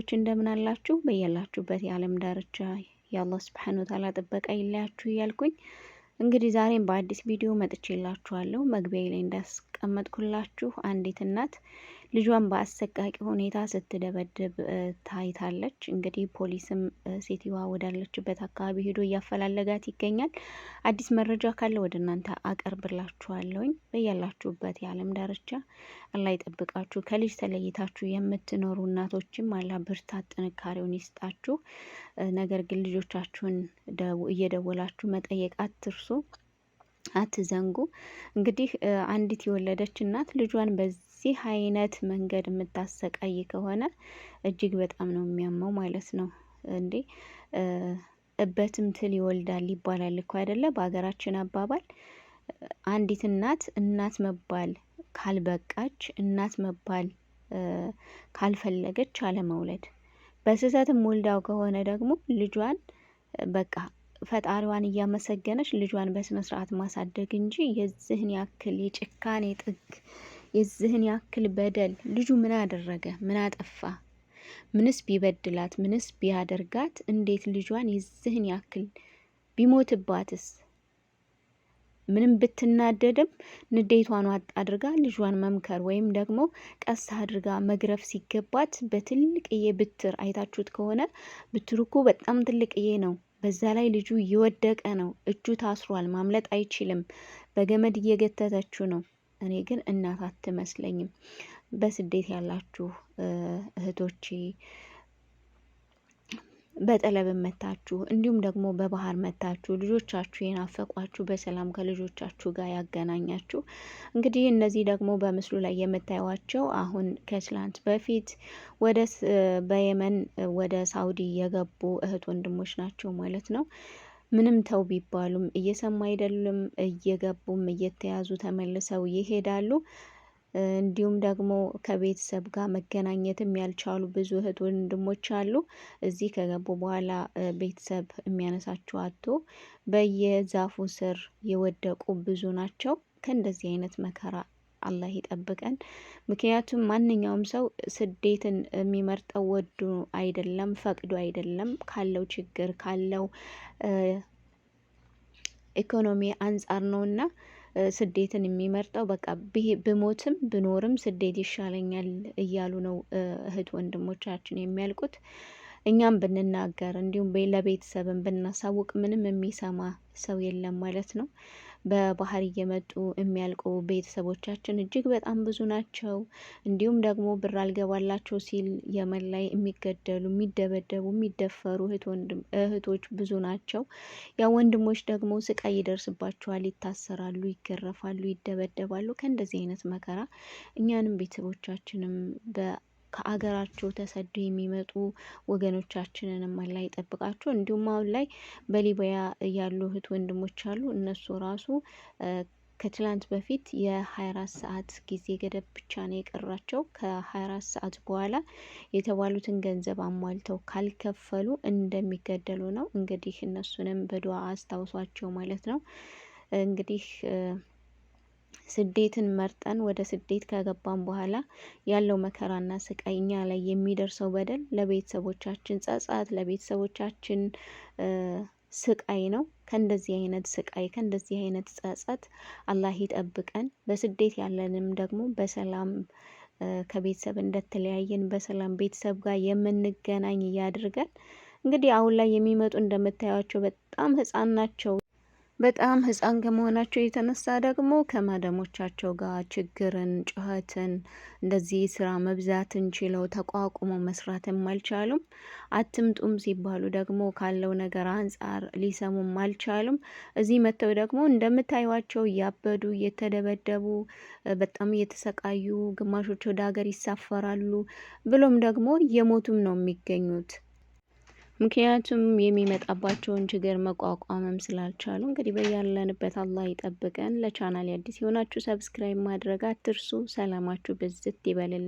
ሰዎች እንደምን አላችሁ? በያላችሁበት የዓለም ዳርቻ የአላህ ስብሓን ወተዓላ ጥበቃ ይለያችሁ እያልኩኝ እንግዲህ ዛሬም በአዲስ ቪዲዮ መጥቼላችኋለሁ። መግቢያ ላይ እንዳስ ያስቀመጥኩላችሁ አንዲት እናት ልጇን በአሰቃቂ ሁኔታ ስትደበድብ ታይታለች። እንግዲህ ፖሊስም ሴትየዋ ወዳለችበት አካባቢ ሄዶ እያፈላለጋት ይገኛል። አዲስ መረጃ ካለ ወደ እናንተ አቀርብላችኋለሁኝ። በያላችሁበት የዓለም ዳርቻ አላህ ይጠብቃችሁ። ከልጅ ተለይታችሁ የምትኖሩ እናቶችም አላህ ብርታት ጥንካሬውን ይስጣችሁ። ነገር ግን ልጆቻችሁን እየደወላችሁ መጠየቅ አትርሱ። አትዘንጉ። እንግዲህ አንዲት የወለደች እናት ልጇን በዚህ አይነት መንገድ የምታሰቃይ ከሆነ እጅግ በጣም ነው የሚያመው ማለት ነው። እንዴ እበትም ትል ይወልዳል ይባላል እኮ አይደለ? በሀገራችን አባባል አንዲት እናት እናት መባል ካልበቃች፣ እናት መባል ካልፈለገች አለመውለድ። በስህተትም ወልዳው ከሆነ ደግሞ ልጇን በቃ ፈጣሪዋን እያመሰገነች ልጇን በስነ ስርዓት ማሳደግ እንጂ የዚህን ያክል የጭካኔ ጥግ የዚህን ያክል በደል ልጁ ምን አደረገ? ምን አጠፋ? ምንስ ቢበድላት? ምንስ ቢያደርጋት? እንዴት ልጇን የዚህን ያክል ቢሞትባትስ? ምንም ብትናደድም ንዴቷን ዋጥ አድርጋ ልጇን መምከር ወይም ደግሞ ቀስ አድርጋ መግረፍ ሲገባት በትልቅዬ ብትር አይታችሁት ከሆነ ብትርኩ በጣም ትልቅዬ ነው። በዛ ላይ ልጁ እየወደቀ ነው። እጁ ታስሯል። ማምለጥ አይችልም። በገመድ እየገተተችው ነው። እኔ ግን እናት አትመስለኝም። በስደት ያላችሁ እህቶቼ በጠለብ መታችሁ እንዲሁም ደግሞ በባህር መታችሁ ልጆቻችሁ የናፈቋችሁ በሰላም ከልጆቻችሁ ጋር ያገናኛችሁ። እንግዲህ እነዚህ ደግሞ በምስሉ ላይ የምታዩቸው አሁን ከትላንት በፊት ወደ በየመን ወደ ሳውዲ የገቡ እህት ወንድሞች ናቸው ማለት ነው። ምንም ተው ቢባሉም እየሰማ አይደሉም። እየገቡም እየተያዙ ተመልሰው ይሄዳሉ። እንዲሁም ደግሞ ከቤተሰብ ጋር መገናኘትም ያልቻሉ ብዙ እህት ወንድሞች አሉ። እዚህ ከገቡ በኋላ ቤተሰብ የሚያነሳቸው አቶ በየዛፉ ስር የወደቁ ብዙ ናቸው። ከእንደዚህ አይነት መከራ አላህ ይጠብቀን። ምክንያቱም ማንኛውም ሰው ስደትን የሚመርጠው ወዱ አይደለም ፈቅዶ አይደለም ካለው ችግር ካለው ኢኮኖሚ አንጻር ነውና ስደትን የሚመርጠው በቃ ብሞትም ብኖርም ስደት ይሻለኛል እያሉ ነው እህት ወንድሞቻችን የሚያልቁት። እኛም ብንናገር እንዲሁም ለቤተሰብን ብናሳውቅ ምንም የሚሰማ ሰው የለም ማለት ነው። በባህር እየመጡ የሚያልቁ ቤተሰቦቻችን እጅግ በጣም ብዙ ናቸው። እንዲሁም ደግሞ ብር አልገባላቸው ሲል የመን ላይ የሚገደሉ፣ የሚደበደቡ፣ የሚደፈሩ እህቶች ብዙ ናቸው። ያ ወንድሞች ደግሞ ስቃይ ይደርስባቸዋል፣ ይታሰራሉ፣ ይገረፋሉ፣ ይደበደባሉ። ከእንደዚህ አይነት መከራ እኛንም ቤተሰቦቻችንም በ ከአገራቸው ተሰደው የሚመጡ ወገኖቻችንንም አላህ ይጠብቃቸው። እንዲሁም አሁን ላይ በሊቢያ ያሉ እህት ወንድሞች አሉ። እነሱ ራሱ ከትላንት በፊት የ24 ሰዓት ጊዜ ገደብ ብቻ ነው የቀራቸው። ከ24 ሰዓት በኋላ የተባሉትን ገንዘብ አሟልተው ካልከፈሉ እንደሚገደሉ ነው። እንግዲህ እነሱንም በዱዓ አስታውሷቸው ማለት ነው። እንግዲህ ስደትን መርጠን ወደ ስደት ከገባን በኋላ ያለው መከራና ስቃይ እኛ ላይ የሚደርሰው በደል ለቤተሰቦቻችን ጸጸት፣ ለቤተሰቦቻችን ስቃይ ነው። ከእንደዚህ አይነት ስቃይ ከእንደዚህ አይነት ጸጸት አላህ ይጠብቀን። በስደት ያለንም ደግሞ በሰላም ከቤተሰብ እንደተለያየን በሰላም ቤተሰብ ጋር የምንገናኝ እያድርገን። እንግዲህ አሁን ላይ የሚመጡ እንደምታያቸው በጣም ህጻን ናቸው። በጣም ህፃን ከመሆናቸው የተነሳ ደግሞ ከማደሞቻቸው ጋር ችግርን፣ ጩኸትን እንደዚህ ስራ መብዛትን ችለው ተቋቁሞ መስራትም አልቻሉም። አትምጡም ሲባሉ ደግሞ ካለው ነገር አንጻር ሊሰሙም አልቻሉም። እዚህ መጥተው ደግሞ እንደምታዩቸው እያበዱ እየተደበደቡ በጣም እየተሰቃዩ፣ ግማሾች ወደ ሀገር ይሳፈራሉ ብሎም ደግሞ እየሞቱም ነው የሚገኙት። ምክንያቱም የሚመጣባቸውን ችግር መቋቋምም ስላልቻሉ። እንግዲህ በያለንበት አላህ ይጠብቀን። ለቻናል አዲስ የሆናችሁ ሰብስክራይብ ማድረግ አትርሱ። ሰላማችሁ ብዝት ይበልልን።